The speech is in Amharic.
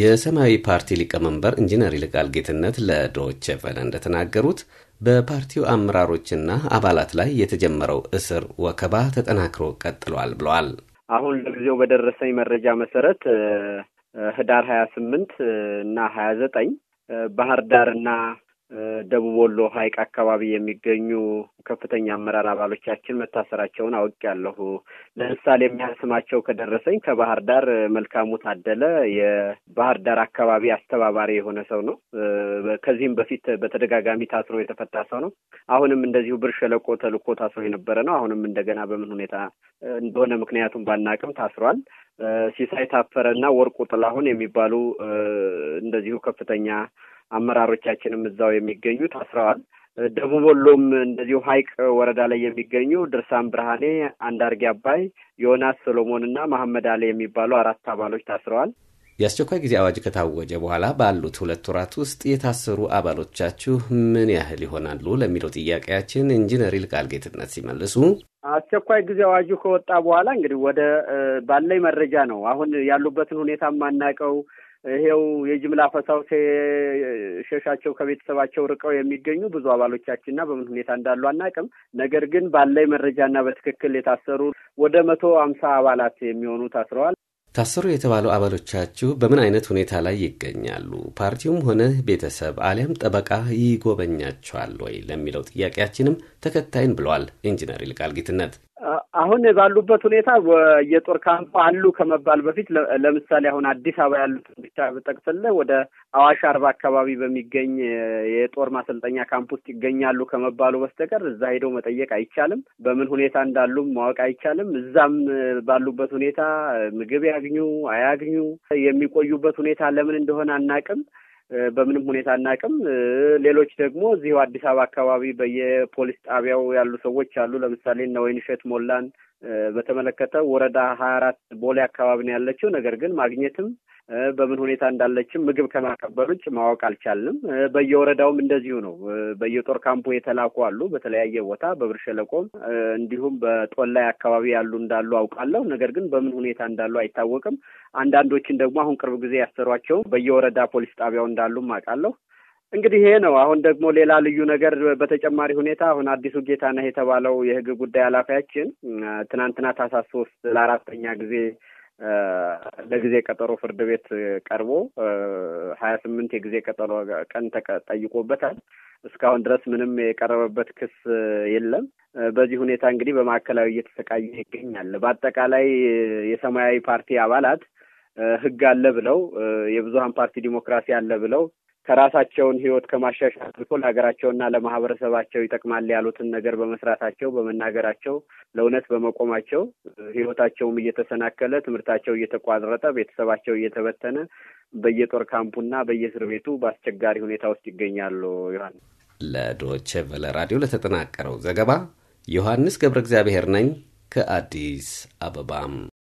የሰማያዊ ፓርቲ ሊቀመንበር ኢንጂነር ይልቃል ጌትነት ለዶች ቨለ እንደተናገሩት በፓርቲው አመራሮችና አባላት ላይ የተጀመረው እስር ወከባ ተጠናክሮ ቀጥሏል ብለዋል። አሁን ለጊዜው በደረሰኝ መረጃ መሰረት ህዳር ሀያ ስምንት እና ሀያ ዘጠኝ ባህር ዳር እና ደቡብ ወሎ ሀይቅ አካባቢ የሚገኙ ከፍተኛ አመራር አባሎቻችን መታሰራቸውን አውቄያለሁ። ለምሳሌ የሚያህል ስማቸው ከደረሰኝ ከባህር ዳር መልካሙ ታደለ የባህር ዳር አካባቢ አስተባባሪ የሆነ ሰው ነው። ከዚህም በፊት በተደጋጋሚ ታስሮ የተፈታ ሰው ነው። አሁንም እንደዚሁ ብር ሸለቆ ተልኮ ታስሮ የነበረ ነው። አሁንም እንደገና በምን ሁኔታ እንደሆነ ምክንያቱም ባናቅም ታስሯል። ሲሳይ ታፈረ እና ወርቁ ጥላሁን የሚባሉ እንደዚሁ ከፍተኛ አመራሮቻችንም እዛው የሚገኙ ታስረዋል። ደቡብ ወሎም እንደዚሁ ሀይቅ ወረዳ ላይ የሚገኙ ድርሳን ብርሃኔ፣ አንዳርጌ አባይ፣ ዮናስ ሶሎሞን እና መሐመድ አሊ የሚባሉ አራት አባሎች ታስረዋል። የአስቸኳይ ጊዜ አዋጅ ከታወጀ በኋላ ባሉት ሁለት ወራት ውስጥ የታሰሩ አባሎቻችሁ ምን ያህል ይሆናሉ ለሚለው ጥያቄያችን ኢንጂነር ይልቃል ጌትነት ሲመልሱ አስቸኳይ ጊዜ አዋጁ ከወጣ በኋላ እንግዲህ ወደ ባለኝ መረጃ ነው አሁን ያሉበትን ሁኔታ የማናውቀው ይሄው የጅምላ ፈሳው ሸሻቸው ከቤተሰባቸው ርቀው የሚገኙ ብዙ አባሎቻችንና በምን ሁኔታ እንዳሉ አናውቅም። ነገር ግን ባለይ መረጃና በትክክል የታሰሩ ወደ መቶ አምሳ አባላት የሚሆኑ ታስረዋል። ታሰሩ የተባሉ አባሎቻችሁ በምን አይነት ሁኔታ ላይ ይገኛሉ? ፓርቲውም ሆነ ቤተሰብ አሊያም ጠበቃ ይጎበኛቸዋል ወይ ለሚለው ጥያቄያችንም ተከታይን ብለዋል ኢንጂነር ይልቃል ጌትነት አሁን ባሉበት ሁኔታ የጦር ካምፕ አሉ ከመባል በፊት ለምሳሌ አሁን አዲስ አበባ ያሉትን ብቻ ብጠቅስልህ ወደ አዋሽ አርባ አካባቢ በሚገኝ የጦር ማሰልጠኛ ካምፕ ውስጥ ይገኛሉ ከመባሉ በስተቀር እዛ ሄደው መጠየቅ አይቻልም። በምን ሁኔታ እንዳሉም ማወቅ አይቻልም። እዛም ባሉበት ሁኔታ ምግብ ያግኙ አያግኙ የሚቆዩበት ሁኔታ ለምን እንደሆነ አናቅም። በምንም ሁኔታ አናቅም። ሌሎች ደግሞ እዚሁ አዲስ አበባ አካባቢ በየፖሊስ ጣቢያው ያሉ ሰዎች አሉ። ለምሳሌ እነ ወይንሸት ሞላን በተመለከተ ወረዳ ሀያ አራት ቦሌ አካባቢ ነው ያለችው። ነገር ግን ማግኘትም በምን ሁኔታ እንዳለችም ምግብ ከማቀበል ውጭ ማወቅ አልቻልንም። በየወረዳውም እንደዚሁ ነው። በየጦር ካምፖ የተላኩ አሉ፣ በተለያየ ቦታ በብር ሸለቆም እንዲሁም በጦላይ አካባቢ ያሉ እንዳሉ አውቃለሁ። ነገር ግን በምን ሁኔታ እንዳሉ አይታወቅም። አንዳንዶችን ደግሞ አሁን ቅርብ ጊዜ ያሰሯቸው በየወረዳ ፖሊስ ጣቢያው እንዳሉም አውቃለሁ። እንግዲህ ይሄ ነው። አሁን ደግሞ ሌላ ልዩ ነገር በተጨማሪ ሁኔታ አሁን አዲሱ ጌታነህ የተባለው የህግ ጉዳይ ኃላፊያችን ትናንትና ታህሳስ ሶስት ለአራተኛ ጊዜ ለጊዜ ቀጠሮ ፍርድ ቤት ቀርቦ ሀያ ስምንት የጊዜ ቀጠሮ ቀን ተጠይቆበታል። እስካሁን ድረስ ምንም የቀረበበት ክስ የለም። በዚህ ሁኔታ እንግዲህ በማዕከላዊ እየተሰቃየ ይገኛል። በአጠቃላይ የሰማያዊ ፓርቲ አባላት ህግ አለ ብለው የብዙሀን ፓርቲ ዲሞክራሲ አለ ብለው ከራሳቸውን ህይወት ከማሻሻል አልፎ ለሀገራቸውና ለማህበረሰባቸው ይጠቅማል ያሉትን ነገር በመስራታቸው በመናገራቸው ለእውነት በመቆማቸው ህይወታቸውም እየተሰናከለ ትምህርታቸው እየተቋረጠ ቤተሰባቸው እየተበተነ በየጦር ካምፑና በየእስር ቤቱ በአስቸጋሪ ሁኔታ ውስጥ ይገኛሉ። ዮሐንስ ለዶቼ ቨለ ራዲዮ ለተጠናቀረው ዘገባ ዮሐንስ ገብረ እግዚአብሔር ነኝ ከአዲስ አበባም